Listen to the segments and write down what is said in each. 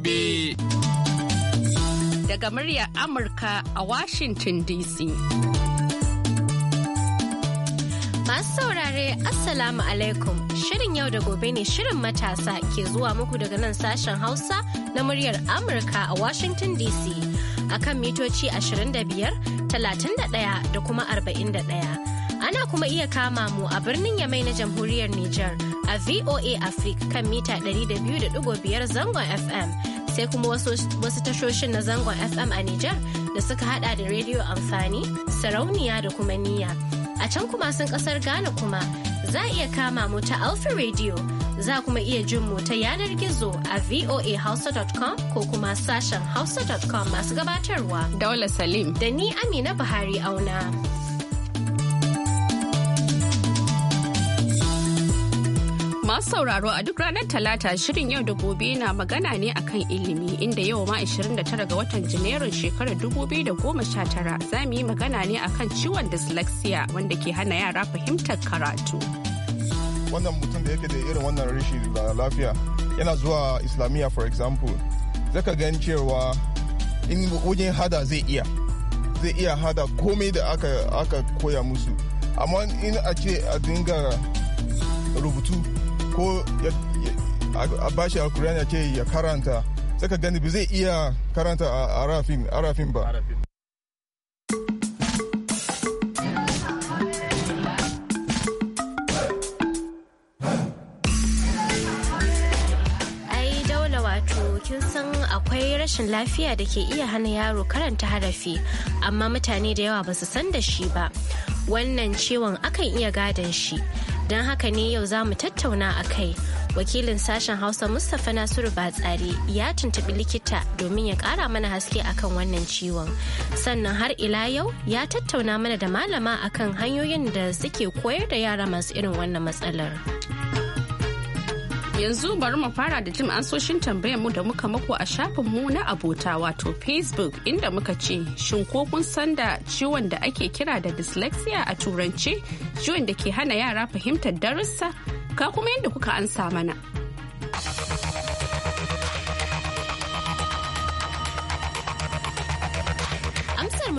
gobe. Daga muryar Amurka a Washington DC. Masu saurare Assalamu alaikum Shirin yau da gobe ne Shirin matasa ke zuwa muku daga nan sashen Hausa na muryar Amurka a Washington DC a kan mitoci 25, 31 da kuma 41. ana kuma iya kama mu a birnin yamai na jamhuriyar Nijar a VOA Africa kan mita 200.5 zangon FM sai kuma wasu tashoshin na zangon FM a Nijar da suka hada da rediyo amfani, sarauniya da kuma niyya. A can kuma sun kasar Ghana kuma za a iya kama mu ta Alpha Radio za kuma iya jin mu ta yanar gizo a voahausa.com ko kuma sashen hausa.com masu gabatarwa. Daula Salim. Da ni Amina Buhari auna. Masu sauraro a duk ranar Talata shirin yau da gobe na magana ne akan ilimi inda yau ma 29 ga watan Janairun shekarar 2019 za mu yi magana ne akan ciwon dyslexia wanda ke hana yara fahimtar karatu. Wannan mutum da yake da irin wannan rashi lafiya yana zuwa Islamiyya for example ka gan cewa in wajen hada zai iya zai iya hada komai da aka koya musu amma in a ce a dinga rubutu ko a bashi alkur'ani ya ce ya karanta saka gani ba zai iya karanta a arafin ba kin san akwai rashin lafiya da ke iya hana yaro karanta harafi amma mutane da yawa ba su san da shi ba wannan ciwon akan iya gadon shi Don haka ne yau za mu tattauna a kai. Wakilin sashen Hausa Mustapha Nasiru Batsari ya tuntuɓi likita domin ya ƙara mana haske akan wannan ciwon. Sannan har ila yau ya tattauna mana da malama akan hanyoyin da suke koyar da yara masu irin wannan matsalar. Yanzu bari mu fara da jin ansoshin tambayar mu da muka mako a shafin mu na abota wato Facebook inda muka ce shin ko kun san da ciwon da ake kira da dyslexia a turance ciwon da ke hana yara fahimtar darussa ka kuma yadda kuka ansa mana.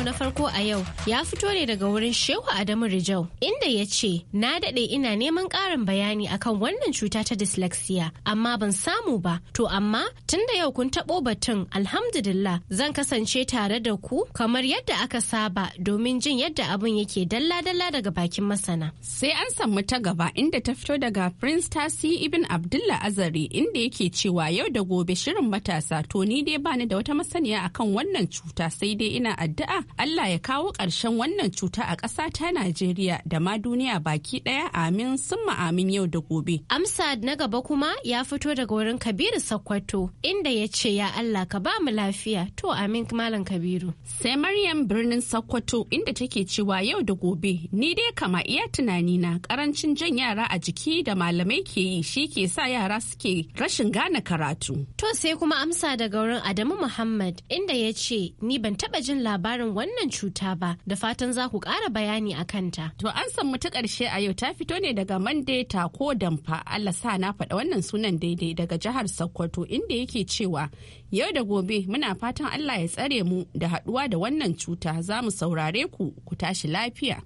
mu na farko a yau ya fito ne daga wurin Shehu Adamu Rijau inda ya ce na daɗe ina neman ƙarin bayani akan wannan cuta ta dyslexia amma ban samu ba to amma tun da yau kun taɓo batun alhamdulillah zan kasance tare da ku kamar yadda aka saba domin jin yadda abun yake dalla-dalla daga bakin masana. Sai an samu ta gaba inda ta fito daga Prince Tasi Ibn Abdullah Azari inda yake cewa yau da gobe shirin matasa to ni dai bani da wata masaniya akan wannan cuta sai dai ina addu'a Allah ya kawo ƙarshen wannan cuta a ƙasa ta Najeriya da ma duniya baki ɗaya amin sun amin yau da gobe. Amsa na gaba kuma ya fito daga wurin Kabiru Sakkwato inda ya ce ya Allah ka ba mu lafiya to amin malam Kabiru. Sai Maryam birnin Sakkwato inda take cewa yau da gobe ni dai kama iya tunani na karancin jan yara a jiki da malamai ke yi shi ke sa yara suke rashin gane karatu. To sai kuma amsa daga wurin Adamu Muhammad inda ya ce ni ban taɓa jin labarin wannan cuta ba da fatan za ku ƙara bayani a kanta. To an san mu ta ƙarshe a yau ta fito ne daga Mandeta ko Damfa Allah sa na faɗa wannan sunan daidai daga jihar Sokoto inda yake cewa yau da gobe muna fatan Allah ya tsare mu da haɗuwa da wannan cuta za mu saurare ku ku tashi lafiya.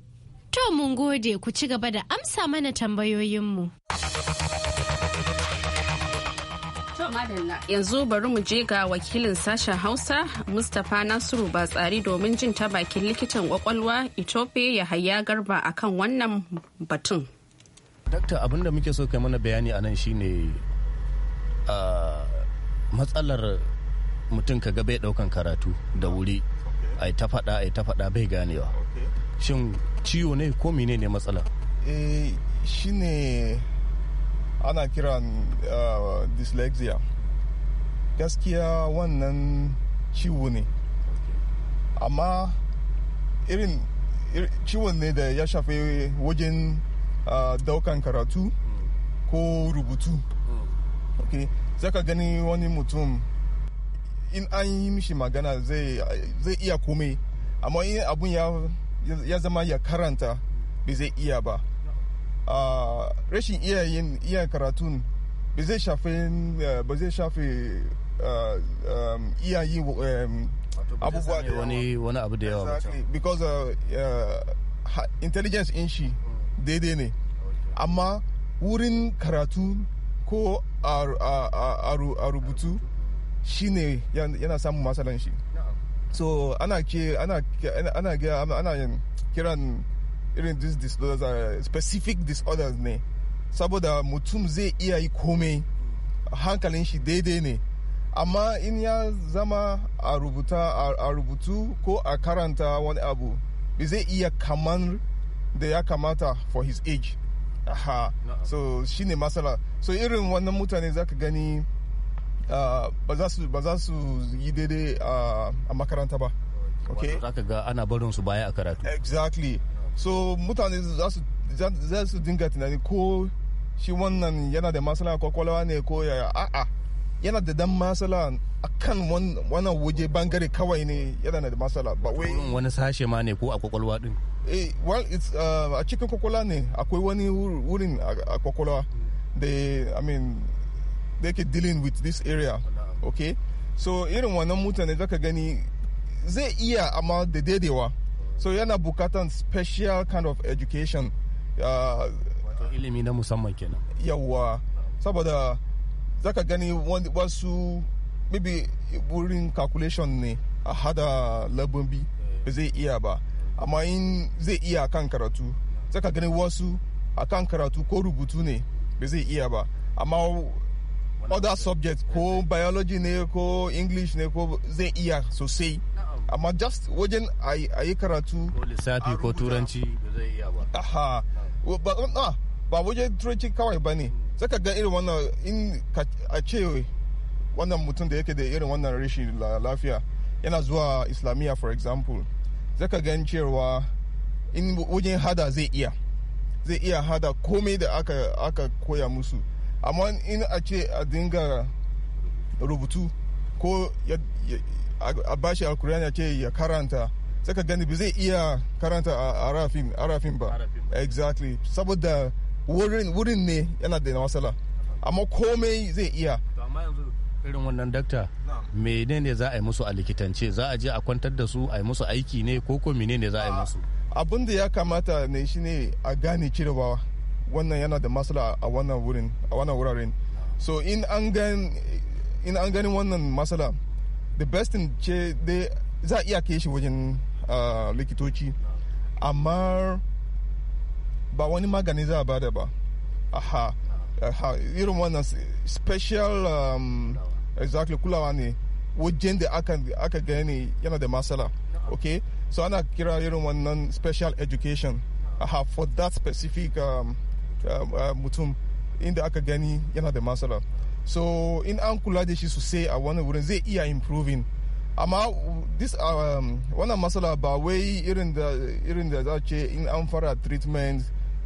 To mun gode ku ci gaba da amsa mana tambayoyinmu. Yanzu bari mu je ga wakilin sashen Hausa Mustapha Nasiru Batsari domin jin ta bakin likitan kwakwalwa ya haya Garba akan wannan batun. Dakta abinda muke so kai mana bayani a nan shine matsalar mutum ka bai daukan karatu da wuri a ta fada a ta fada bai ganewa. Shin ciwo ne ko menene matsalar? Eh shine ana kiran uh, dyslexia gaskiya wannan ciwo ne amma irin ciwon ne da ya shafe wajen uh, daukan karatu ko rubutu zaka gani wani mutum in an yi mishi magana zai iya komai amma in abun ya zama ya karanta bai zai iya ba rashin iya yin iya karatun ba zai shafe eh, ba zai eh, um, iya abubuwa da wani wani abu da yawa because uh, eh, intelligence in shi hmm. daidai ne amma wurin karatu ko a rubutu shi ne yana samun matsalan shi so ana ke ana ana kiran irin these disorders a uh, specific disorders ne saboda mutum zai iya yi komai hankalin shi daidai ne amma in ya zama a rubuta a rubutu ko a karanta wani abu bai zai iya kaman da ya kamata for his age aha so ne matsala so irin wannan mutane za ka gani uh, ba za su yi daidai uh, a makaranta ba za ka ga ana barin su baya a karatu exactly so mutane za su dinga tunani ko shi wannan yana da masala kwakwalwa ne ko yaya a'a yana da dan masala a kan wannan waje bangare kawai ne yana da masala ba wai wani sashe ma ne ko a kwakwalwa din eh well it's uh, a cikin kwakwalwa ne akwai wani wurin a kwakwalwa da i mean da yake dealing with this area okay so irin wannan mutane zaka gani zai iya amma da daidaiwa so yana bukatan special kind of education wato ilimi na musamman kenan yawa saboda zaka gani wasu maybe wurin calculation ne a hada bi ba zai iya ba amma in zai iya kan karatu zaka gani wasu a kan karatu ko rubutu ne ba zai iya ba amma other subjects ko biology ne ko english ne ko zai iya sosai amma just wajen a yi karatu ko lissafi ko turanci ba zai iya ba ah, ba wajen turanci kawai ba ne hmm. ka ga irin wannan in a ce wannan mutum da yake da irin wannan rashi lafiya yana zuwa islamiyya for example zaka gan cewa in wajen hada zai iya zai iya hada komai da aka, aka koya musu amma in a ce a dinga rubutu ko a bashi alkur'ani ya ce ya karanta saka gani ba zai iya karanta a arafin arafin ba exactly saboda wurin wurin ne yana da masala amma komai zai iya irin wannan dakta menene za a yi musu a likitance za a je a kwantar da su a yi musu aiki ne ko ko menene za a yi musu abin da ya kamata ne shine a gane cewa wannan yana da matsala a wannan wurin a wannan wuraren so in an ganin wannan matsala the best thing ce dai za iya kai shi wajen likitoci amma ba wani magani za a bada ba aha aha irin wannan special um, exactly kulawa ne wajen da aka gani yana da masala okay so ana kira irin wannan special education aha for that specific um, um uh, mutum inda aka gani yana da masala so in an kula da shi sosai a wani wurin zai iya improving amma this um, wannan matsala ba wai irin da irin da za ce in an fara treatment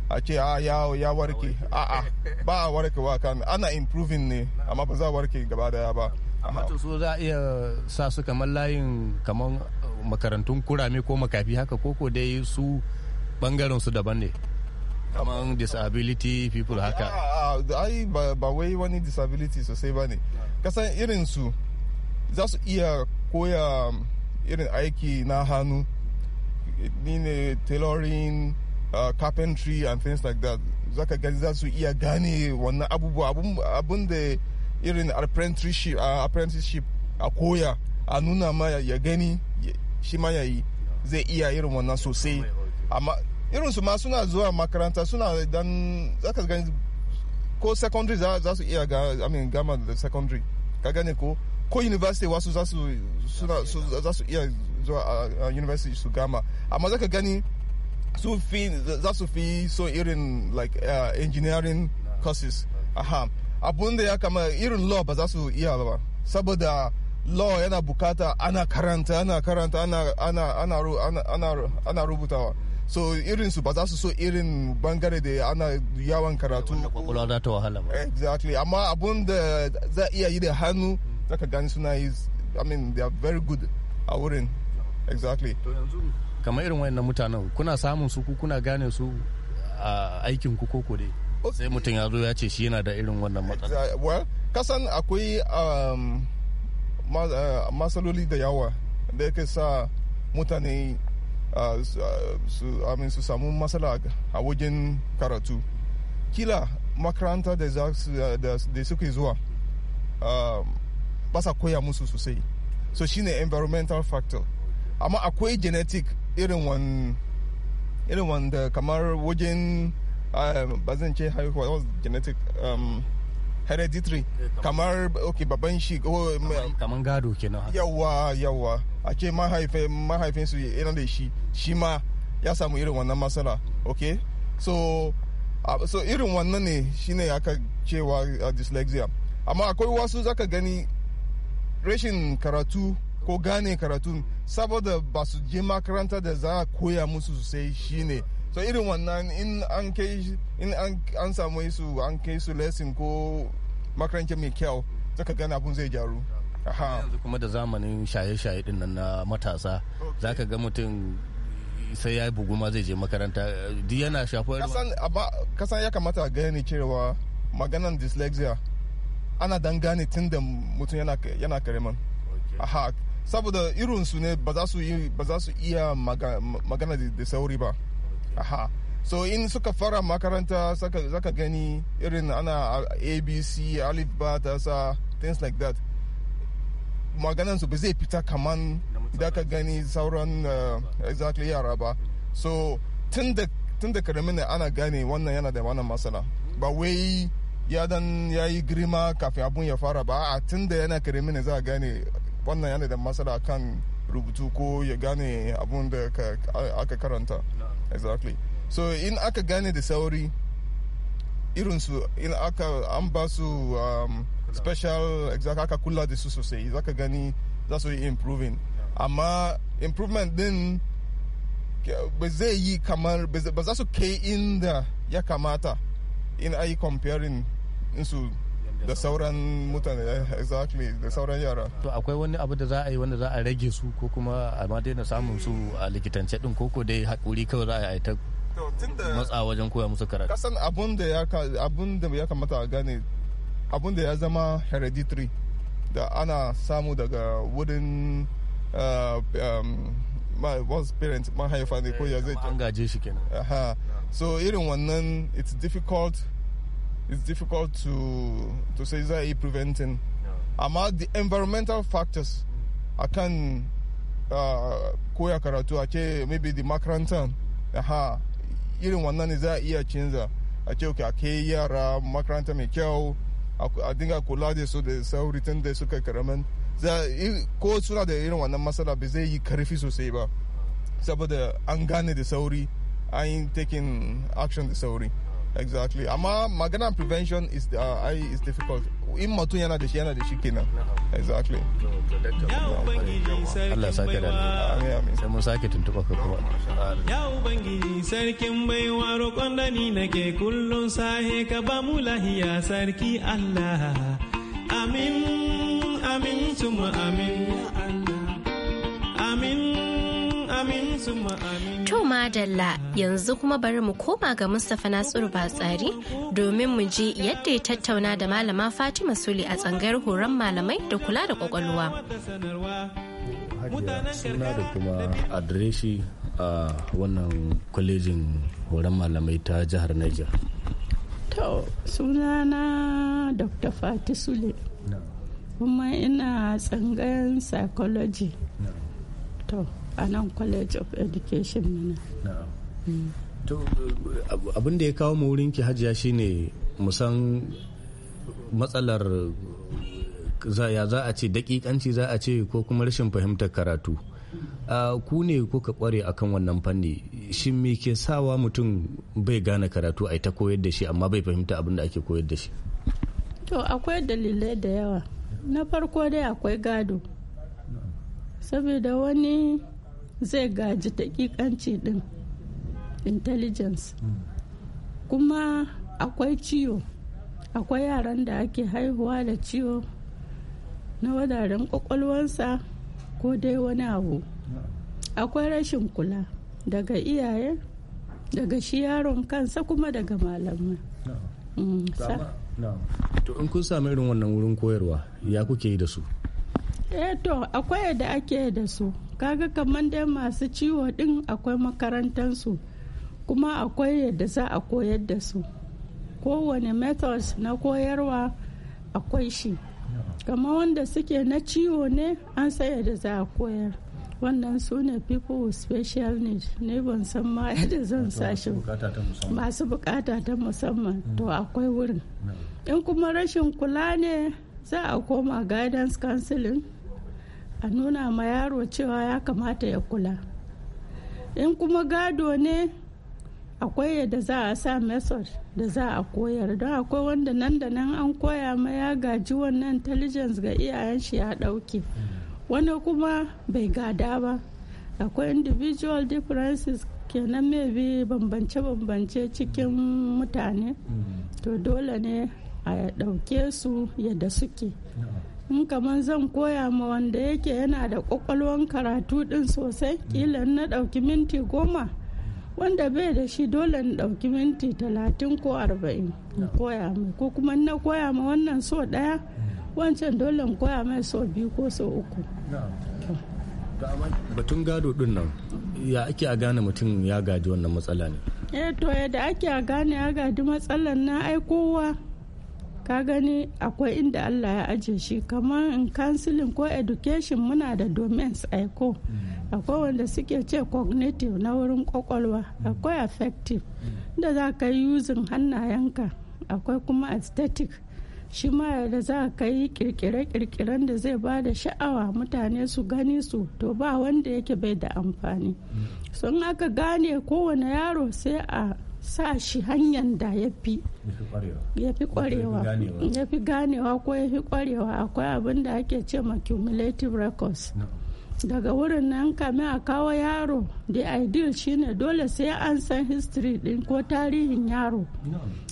a ce a ah, ya ya warke a ba a warke wa kan ana improving ne amma ba za a warke gaba daya ba amma to so za a iya sa su kamar layin kamar makarantun kurame ko makafi haka koko dai su bangaren su daban ne kamar disability people haka ah, ah, ah, ai ba wai wani disability sosai ba ne kasan irin su za su iya koya irin aiki na hannu ni ne tailoring carpentry and things like that za ka gani za su iya gane wannan abubuwa abun da irin apprenticeship, apprenticeship a koya a nuna ma ya gani shi ma ya yi zai iya irin wannan sosai amma irinsu ma suna zuwa makaranta suna dan zaka gani ko secondary za su iya gama da secondary ka gane ko ko university wasu za su iya zuwa a university su gama amma zaka gani su fi za su fi so irin like uh, engineering courses aha abun da ya kama irin law ba za su iya ba saboda law yana bukata ana karanta ana karanta ana ana ana ana, ana, ana rubutawa so irin su ba za su so irin bangare da ana yawan karatu kwakwalwa za ta wahala ba exactly amma abun da za iya yi da hannu zaka gani suna yi i mean they are very good a wurin exactly kamar irin wayannan mutanen kuna samun su ku kuna gane su a aikin ku koko dai sai mutum ya zo ya ce shi yana da irin wannan matsala well kasan akwai um, matsaloli uh, da yawa da yake sa mutane su samu matsala a wajen karatu kila makaranta da suke zuwa basa koya musu sosai so shine environmental factor amma akwai genetic irin irin wanda kamar wajen ba zan ce haihuwa genetic um, hereditary eh, kamar ok baban shi oh, kamar gado kenan yawa yawa a ce mahaifinsu yana da shi shi ma ya samu irin wannan matsala ok so so irin wannan ne shine aka cewa dyslexia amma akwai wasu zaka gani rashin karatu ko gane karatu saboda ba su je makaranta da za a koya musu sosai shine so irin wannan in an kai in an samu su an kai su lesson ko makaranta mai kyau zaka gani abun zai gyaru yanzu kuma da zamanin shaye-shaye din nan na matasa ka ga mutum sai ya yi buguma zai je makaranta di yana shafar kasan ya kamata gani cewa maganan dyslexia ana dan gane tun da mutum yana kareman aha saboda su ne ba za su iya magana da sauri ba aha so in suka fara makaranta zaka gani irin ana abc alif ba ta sa things like that su ba zai fita kaman da ka gani sauran eh, exactly yara ba so tun da karamin ne ana gane wannan yana da wannan masala ba wai ya dan ya yi girma kafin abun ya fara ba a tun da yana karamin ne za a gane wannan yana da masala kan rubutu ko ya gane abun da aka karanta exactly so in aka gane da sauri irinsu in aka an ba su um, special exact aka kula da su sosai zaka gani za su yi improving amma improvement din ba zai yi kamar ba za su kai inda ya kamata in ayi comparing insu da sauran mutane exactly da sauran yara to akwai wani abu da za a yi wanda za a rage su ko kuma a ma daina samun su a likitance din ko dai hakuri kawai za a yi ta matsa wajen koya musu karatu kasan abun da ya kamata a gane abun da ya zama hereditary da ana samu daga wurin uh, um, wasu parents mahaifa ne ko ya eh, zai an gaje shi kenan so irin wannan it's difficult it's difficult to to say za a yi preventing amma the environmental factors mm. akan uh, koya karatu a ce maybe the makarantar aha irin wannan ne za a iya canza a ce a ke yara makaranta mai kyau a dinga kula da su da sauritin da suka karamin ko suna da irin wannan matsala ba zai yi karfi sosai ba saboda an gane da sauri an yi taking action da sauri exactly amma magana prevention is uh, is difficult in mutum yana da shi yana da shi kenan exactly Allah sake da sai mun sake tuntuɓa ka kuma ya ubangiji sarkin baiwa roƙon da ni nake kullum sahe ka ba mu lahiya sarki Allah amin amin tuma amin Allah amin To Madalla yanzu kuma bari mu koma ga Mustapha Nasiru Batsari domin mu je yadda ya tattauna da Malama Fatima sule a tsangayar horon malamai da kula da kwakwalwa. suna da kuma adireshi a wannan kwalejin horon malamai ta jihar Niger. To sunana Dr. Fati Sule. kuma ina tsangayen psychology. To. a nan college of education mana mm. abin da ya kawo mu wurin ki hajiya shine musan matsalar ya za a ce dakikanci za a ce ko kuma rashin fahimtar karatu ku ne kuka kware a kan wannan fanni shin me ke sawa mutum bai gane karatu a ta koyar da shi amma bai fahimta abin da ake koyar da shi to akwai dalilai da yawa na farko dai akwai gado saboda wani zai gaji dakikanci din intelligence kuma akwai ciwo akwai yaran da ake haihuwa da ciwo na wadaren kwakwalwansa ko dai wani abu akwai rashin kula daga iyaye daga shi yaron kansa kuma daga malamai mm, to in kun sami irin wannan wurin koyarwa ya kuke yi da su eh to akwai da ake da su kaga kamar dai masu ciwo din akwai makarantansu kuma akwai yadda za a koyar da su kowane methods na koyarwa akwai shi kamar wanda suke na ciwo ne an saya da za a koyar wannan su ne people with special needs ne ban san ma yadda zan sashi masu bukata ta musamman mm. to akwai wurin in kuma rashin kula ne za a koma guidance counseling a nuna ma yaro cewa ya kamata ya kula in kuma gado ne akwai yadda za a sa method da za a koyar don akwai wanda nan da nan an koya ma ya gaji wannan intelligence ga iyayen shi ya dauke wani kuma bai gada ba akwai individual differences kenan maybe bambance-bambance cikin mutane mm. to dole ne a ɗauke su yadda suke in kamar zan koya ma wanda yake yana da kwakwalwan karatu din sosai kila na ɗauki minti goma wanda bai da shi dole na ɗauki minti talatin ko arba'in in koya mai ko kuma na koya ma wannan so ɗaya wancan dole in koya mai so biyu ko so uku batun gado din nan ya ake a gane mutum ya gaji wannan matsala ne eh to yadda ake a gane ya gaji matsalan na ai kowa ka gani akwai inda allah ya ajiye shi kamar in counseling ko education muna da domains aiko mm. akwai wanda suke ce cognitive na wurin kwakwalwa mm. akwai affective mm. da za ka yi using hannayenka akwai kuma aesthetic shi ma da za ka yi kirkire-kirkiren da zai ba da sha'awa mutane su gani su to ba wanda yake bai da amfani sun aka gane kowane yaro sai a sa shi hanyar da ya fi ya fi ganewa ko ya fi kwarewa akwai abin da ake ce ma cumulative records daga wurin nan kame a kawo yaro da ideal shine dole sai an san history din ko tarihin yaro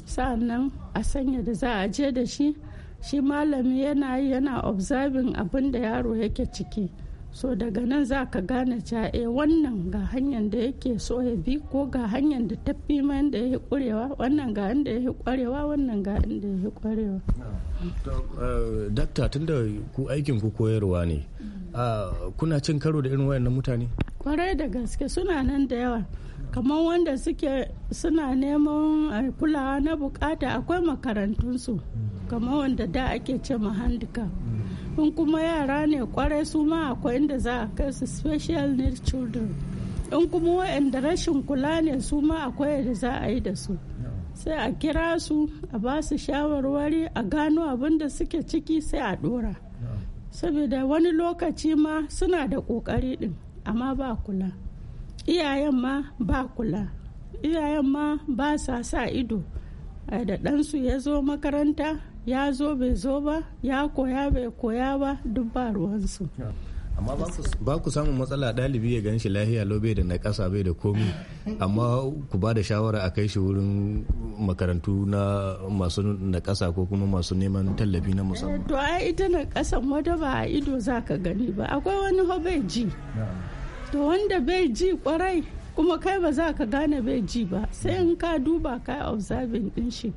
sa'annan a sanya da za a je da shi shi malami yana yi yana observing abin da yaro yake ciki so daga nan za ka gane cewa e wannan ga hanyar da yake so ya bi ko ga hanyar da ta fi man da ya kurewa wannan ga inda ya kwarewa wannan ga inda ya kwarewa eh, dakta tunda ku aikin ku koyarwa ne mm. ah, kuna cin karo da irin wayannan mutane kwarai da gaske suna nan da yawa kamar wanda suke suna neman eh, kulawa na bukata akwai makarantunsu mm. kamar wanda da ake ce handicap in kuma yara ne kwarai su ma akwai inda za a kai su special need children in kuma waɗanda rashin kula ne su ma akwai yadda za a yi da su sai a kira su a ba su shawarwari a gano abin da suke ciki sai a dora saboda wani lokaci ma suna da ƙoƙari din amma ba kula iyayen ma ba kula iyayen ma ba sa sa ido da ɗansu ya zo makaranta ya zo bai zo ba ya koya bai koya ba duk ba ruwansu amma ba ku samun matsala ɗalibi ya gan shi lahiya lobe da na ƙasa bai da komi amma ku ba da shawara a kai shi wurin makarantu na masu na ƙasa ko kuma masu neman tallafi na musamman eh, to ai ita na kasan wata ba a ido za ka gani ba akwai wani ho bai ji to wanda bai ji kwarai kuma kai ba za ka gane bai ji ba sai in ka duba ka observing din shi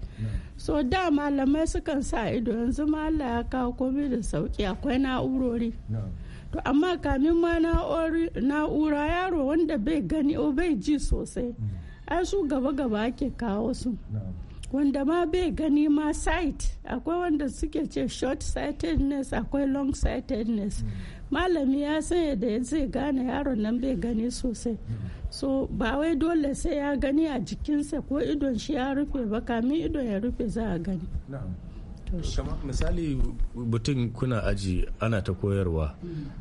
so da malamai sukan sa ido yanzu ma Allah ya kawo komai da sauki akwai na'urori to amma kamin ma na'ura yaro wanda bai gani o oh, bai ji sosai ai su gaba gaba ake kawo su wanda ma bai gani ma sight akwai wanda suke ce short sightedness akwai long sightedness mm. malami ya san yadda zai gane yaron nan bai gani sosai so ba wai dole sai ya gani a jikinsa ko idon shi ya rufe ba kamin idon ya rufe za a gani misali mutum kuna aji ana ta koyarwa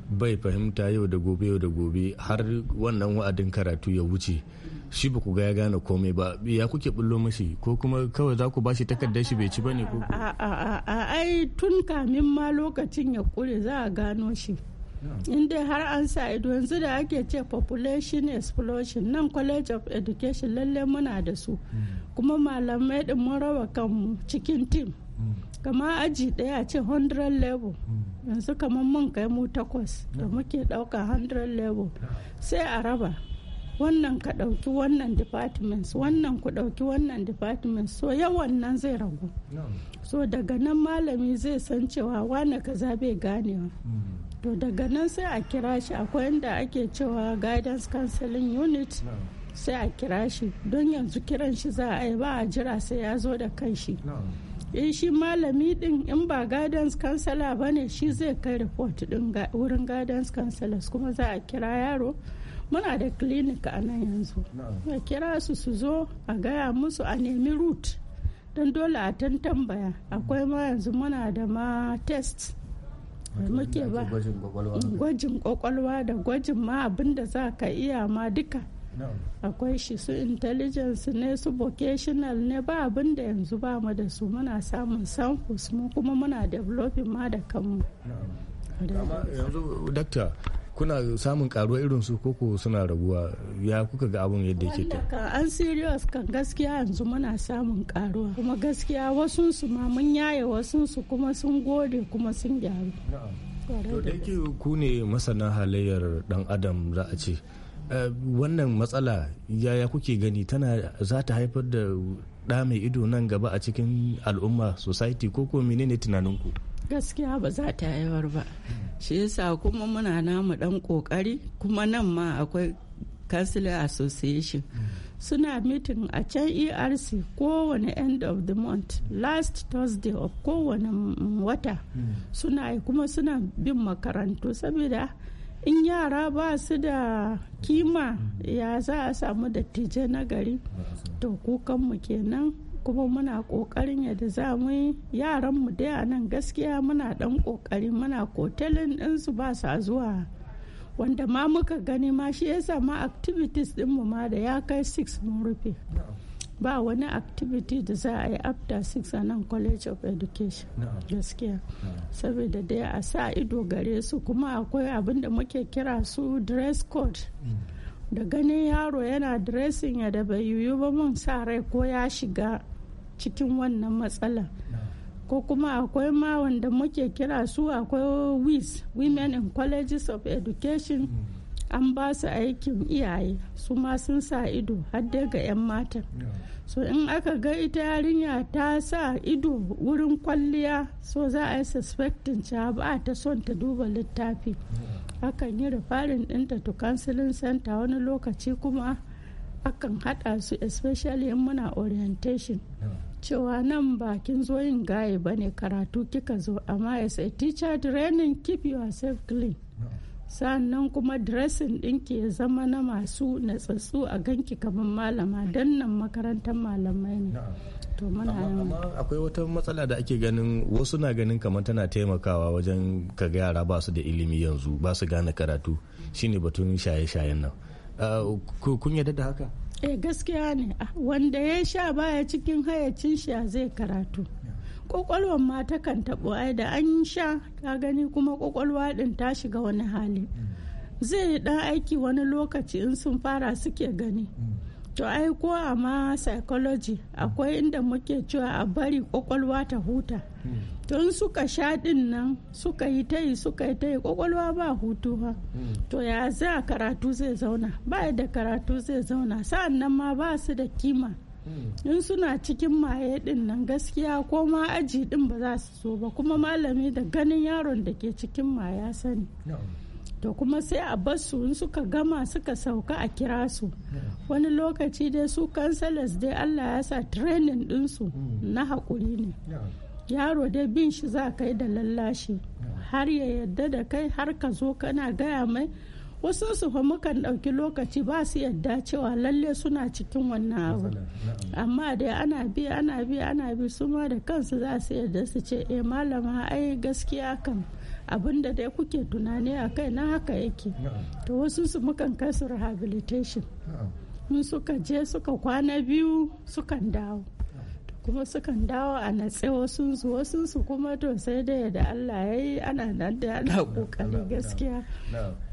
bai fahimta yau da gobe yau da gobe har wannan wa'adin karatu ya wuce shi ba ku ga gane komai ba ya kuke bullo mashi ko kuma kawai za ku bashi takardar shi bai ci ne ko a ai tun kamin ma lokacin ya kure za a gano shi in dai har an sa ido yanzu da ake ce population explosion nan college of education lalle muna da su mm. kuma malamai din mun rawa kanmu cikin team mm. kama aji daya a ce 100 level mm. yanzu kamar mun kai mu takwas da muke dauka 100 level sai a raba wannan ka ɗauki wannan departments wannan ku ɗauki wannan departments so yawan nan zai ragu so daga nan malami zai san cewa wane kaza bai ganewa to daga nan sai a kira shi akwai inda ake cewa guidance counseling unit sai a kira shi don yanzu kiran shi za a yi ba a jira sai ya zo da kan shi in eh, shi malami din in ba guidance counselor ba ne shi zai kai report din wurin guidance counselors kuma za a kira yaro muna da clinic a nan yanzu a kira su su zo a gaya musu a nemi root don dole a tantan baya akwai ma yanzu muna da ma test muke ba gwajin kwakwalwa da gwajin ma abin za ka iya ma duka akwai shi su intelligence ne su vocational ne ba abin da yanzu ba mu da su muna samun samfus mu kuma muna developing ma da kanmu yanzu dakta kuna samun karuwa irin su koko suna raguwa ya kuka ga abun yadda yake ta an serious kan gaskiya yanzu muna samun karuwa kuma gaskiya wasu su ma mun yaye wasun su kuma sun gode kuma sun gyaru to da yake ku ne masana halayyar dan adam za a ce eh, wannan matsala yaya kuke gani tana za ta haifar da ɗa mai ido nan gaba a cikin al'umma society ko ko menene tunaninku gaskiya ba za ta yawar ba shi yasa kuma muna namu dan kokari kuma nan ma akwai councilor association suna meeting a can erc kowane end of the month last thursday of kowane wata suna kuma suna bin makarantu saboda in yara ba su da kima ya za a samu dattijai na gari to kukanmu kenan kuma muna kokarin yadda za mu yi yaran mu dai a nan gaskiya muna dan kokari muna kotelin din su ba sa zuwa wanda ma muka gani ma shi yasa ma activities din mu ma da ya kai 6 mun rufe ba wani activity da za a yi after 6 a nan college of education gaskiya saboda dai a sa ido gare su kuma akwai abin da muke kira su dress code mm. da ganin yaro yana dressing ya da bai yiwu ba mun sa rai ko ya shiga cikin wannan matsala ko kuma akwai ma wanda muke kira su akwai wis women in colleges of education mm. an ba su aikin iyaye su ma sun sa ido hadda ga 'yan matan so in aka ga ita yarinya ta sa ido wurin kwalliya so za a yi suspectin cewa ba ta son ta duba littafi akan yi rufarin ɗinta to counseling center wani lokaci kuma akan haɗa su especially in muna orientation cewa nan bakin zo yin gaye ba ne karatu kika zo amma ya sai teacher training keep yourself clean sannan kuma dressing ɗinki ya zama na masu natsatsu a ganki kamar malama don nan makarantar malamai ne to muna amma akwai wata matsala da ake ganin wasu na ganin kamar tana taimakawa wajen kaga yara ba su da ilimi yanzu ba su gane karatu shine batun shaye-shayen nan Eh, kun yarda da haka eh gaskiya ne ah, wanda ya sha baya cikin hayacin shi zai karatu kwakwalwar ma kan taɓo ai da an sha ta gani kuma kwakwalwa ɗin ta shiga wani hali mm. zai yi ɗan aiki wani lokaci in sun fara suke gani mm. to ai ko a ma psychology akwai inda muke cewa a bari kwakwalwa ta huta tun suka sha din nan suka yi ta yi suka yi ta yi kwakwalwa ba hutu ha to ya za karatu zai zauna ba da karatu zai zauna sa'an nan ma ba su da kima in suna cikin maye din nan gaskiya ko ma aji din ba za su so ba kuma malami da ganin yaron da ke cikin maya sani to kuma sai a su in suka gama suka sauka a kira su wani lokaci dai su kansalas dai allah ya sa training dinsu na haƙuri ne yaro dai bin shi za kai da lallashi har ya yadda da kai har ka zo kana gaya mai wasu su fa mukan ɗauki lokaci ba su yadda cewa lalle suna cikin wannan abu amma dai ana bi ana bi ana bi su ma da kansu za su yadda su ce eh malama ai gaskiya kan abin da dai kuke tunani a kai na haka yake to wasu su mukan kai su rehabilitation in suka je suka kwana biyu sukan dawo kuma sukan dawo a natse wasu su wasu su kuma to sai da da Allah ya yi ana nan da ana kokari gaskiya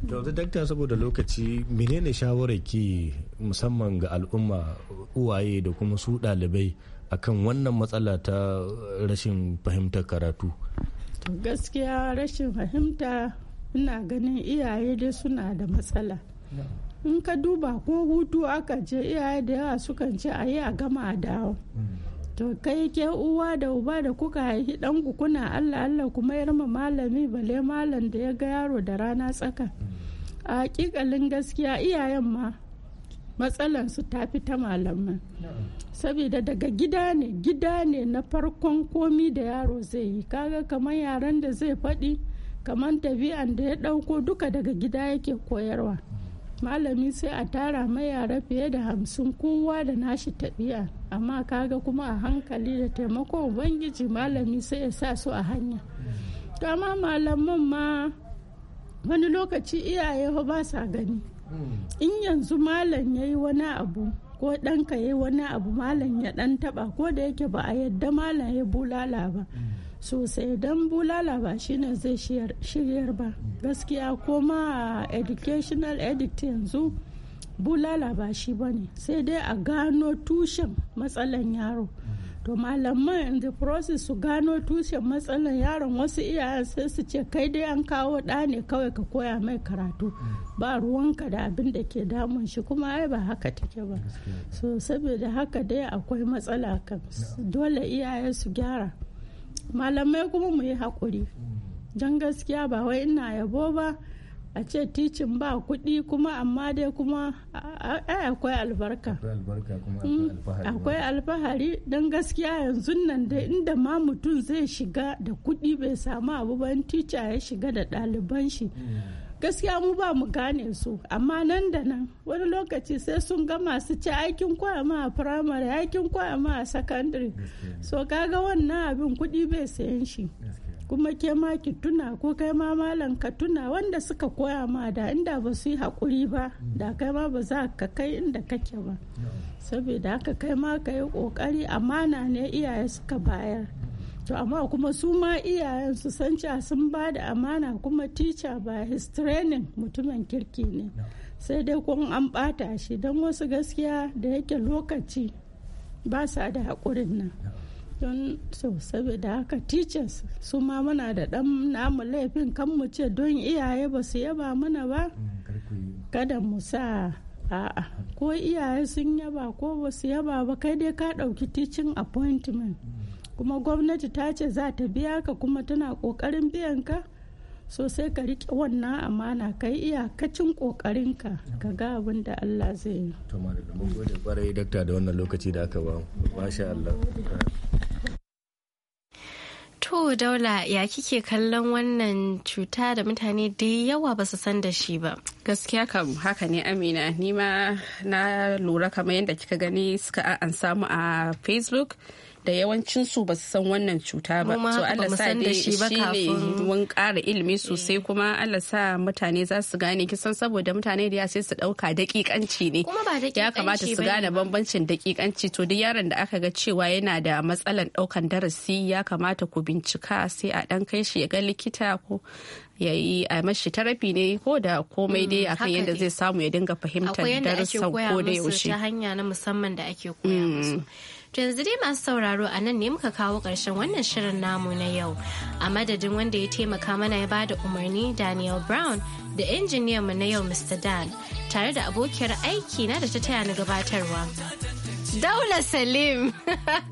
to da dakta saboda lokaci menene shawarar ki musamman ga al'umma uwaye da kuma su ɗalibai akan wannan matsala ta rashin fahimtar karatu to gaskiya rashin fahimta ina ganin iyaye dai suna da matsala in ka duba ko hutu aka je iyaye da yawa sukan ce a yi a gama a dawo hmm. to kai ke uwa da uba da kuka haifi ɗanku kuna allah allah kuma ma malami bale malam da ya ga yaro da rana tsaka a hakikalin gaskiya iyayen ma su ta fi ta malaman saboda daga gida ne gida ne na farkon komi da yaro zai yi kaga kamar yaran da zai faɗi kamar tabi'an da ya ɗauko duka daga gida yake koyarwa malami sai a tara mayara fiye da hamsin kowa da nashi tabi'a amma kaga kuma a hankali da taimako bangiji malami sai ya sa su a hanya to amma malaman ma wani lokaci iyaye ba sa gani in yanzu malam ya yi wani abu ko ɗanka ya yi wani abu malam ya ɗan taɓa ko da yake ba a yadda malam ya bulala ba sosai don bulala ba ne zai shiryar ba gaskiya koma educational edict yanzu bulala ba shi ba ne sai dai a gano tushen matsalan yaro to malaman in the process su gano tushen matsalan yaron wasu iyayen sai su ce kai dai an kawo ɗa ne kawai ka koya mai karatu ba ruwanka da abin da ke damun shi kuma ai ba haka take ba so saboda haka dai akwai matsala kan dole iyaye su gyara malamai kuma mu yi haƙuri don gaskiya ba wai ina yabo ba a ce ticin ba kuɗi kuma amma dai kuma akwai albarka mm, akwai alfahari don gaskiya yanzu nan dai inda ma mutum zai shiga da kuɗi bai samu abu ban tica ya shiga da ɗaliban shi mm. gaskiya mu ba mu gane su amma nan da nan wani lokaci sai sun gama su ci aikin koya ma a firamare aikin koya ma a sakandare so kaga wannan abin kuɗi bai sayan shi kuma ke ma ki tuna ko kai ma malam ka tuna wanda suka koya ma da inda ba su yi haƙuri ba mm. da kai ma ba za ka kai inda kake ba saboda haka kai ma ka yi ƙoƙari amana ne iyaye suka bayar mm. to amma kuma su ma iyayen su san cewa sun ba da amana kuma teacher ba his training mutumin kirki ne sai dai kun an bata shi don wasu gaskiya da yake lokaci ba sa da haƙurin nan don so saboda haka teachers su ma muna da ɗan namu laifin kan mu ce don iyaye ba su yaba mana ba mm, kada mu sa a'a ko iyaye sun yaba ko ba su yaba ba kai dai ka ɗauki teaching appointment mm. kuma gwamnati ta ce za ta biya ka kuma tana kokarin biyan ka so sai ka riƙe wannan amana ka yi iyakacin kokarin ka ka ga abin da Allah zai yi to mun gode kwarai da wannan lokaci da aka ba masha Allah To daula ya kike kallon wannan cuta da mutane da yawa ba su san da shi ba. Gaskiya kam haka ne Amina nima na lura kamar yadda kika gani suka an samu a Facebook. da yawancin su ba su san wannan cuta ba to Allah sa dai shi ne mun ƙara ilimi sosai kuma Allah sa mutane za su gane kisan saboda mutane da ya sai su dauka dakikanci ne ya kamata su gane bambancin dakikanci to duk yaron da aka ga cewa yana da matsalan ɗaukan darasi ya kamata ku bincika sai a dan kai shi ya ga likita ko ya yi a mashi tarafi ne ko da komai dai mm, a kan yadda zai samu ya dinga fahimtar darasin ko da yaushe akwai yadda ake koya musu ta hanya na musamman da ake koya musu mm. To yanzu dai masu sauraro a nan ne muka kawo ƙarshen wannan shirin namu na yau. A madadin wanda ya taimaka mana ya bada umarni Daniel Brown da injiniyan mu na yau Mr. Dan tare da abokiyar aiki na da ta taya ni gabatarwa. Daula Salim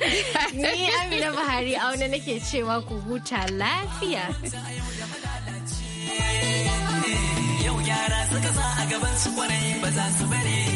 ni Amina Buhari auna nake cewa ku huta lafiya. Yau yara suka sa a gaban su kwanayi ba za su bare